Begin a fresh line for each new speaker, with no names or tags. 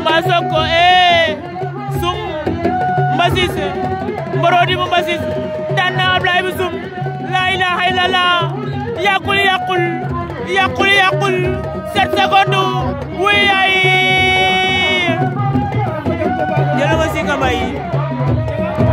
Ousmane Sonko eh sum Mbassis mborodi bu Mbassis daan na Ablaye bi sum la ilaha illallah yàqul yàqul yàqul yàqul sept wuy yaay jëlama si kamay